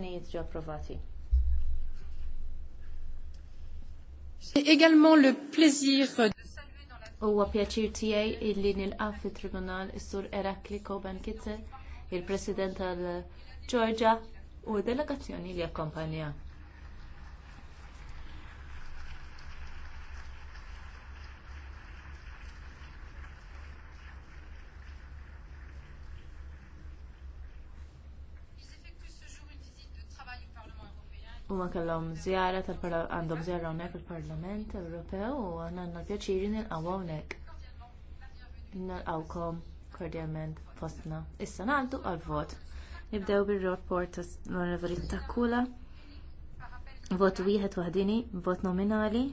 Nijiet ġo approvati. Également le plaisir Huwa pjaċir tiegħi illi nilqaf fit-Tribunal is-Sur Erakli Koban Kitze, il-President tal-Ġorġa u delegazzjoni li akkompanja. Huma kellhom żjara għandhom żjara hawnhekk il-Parlament Ewropew u aħna għandna pjaċiri nilqgħu hawnhekk. Nilqgħukom kordjalment fostna. Issa ngħaddu għall-vot. Nibdew bir-rapport ta' Onorevoli Takkula. Vot wieħed waħdini, vot nominali.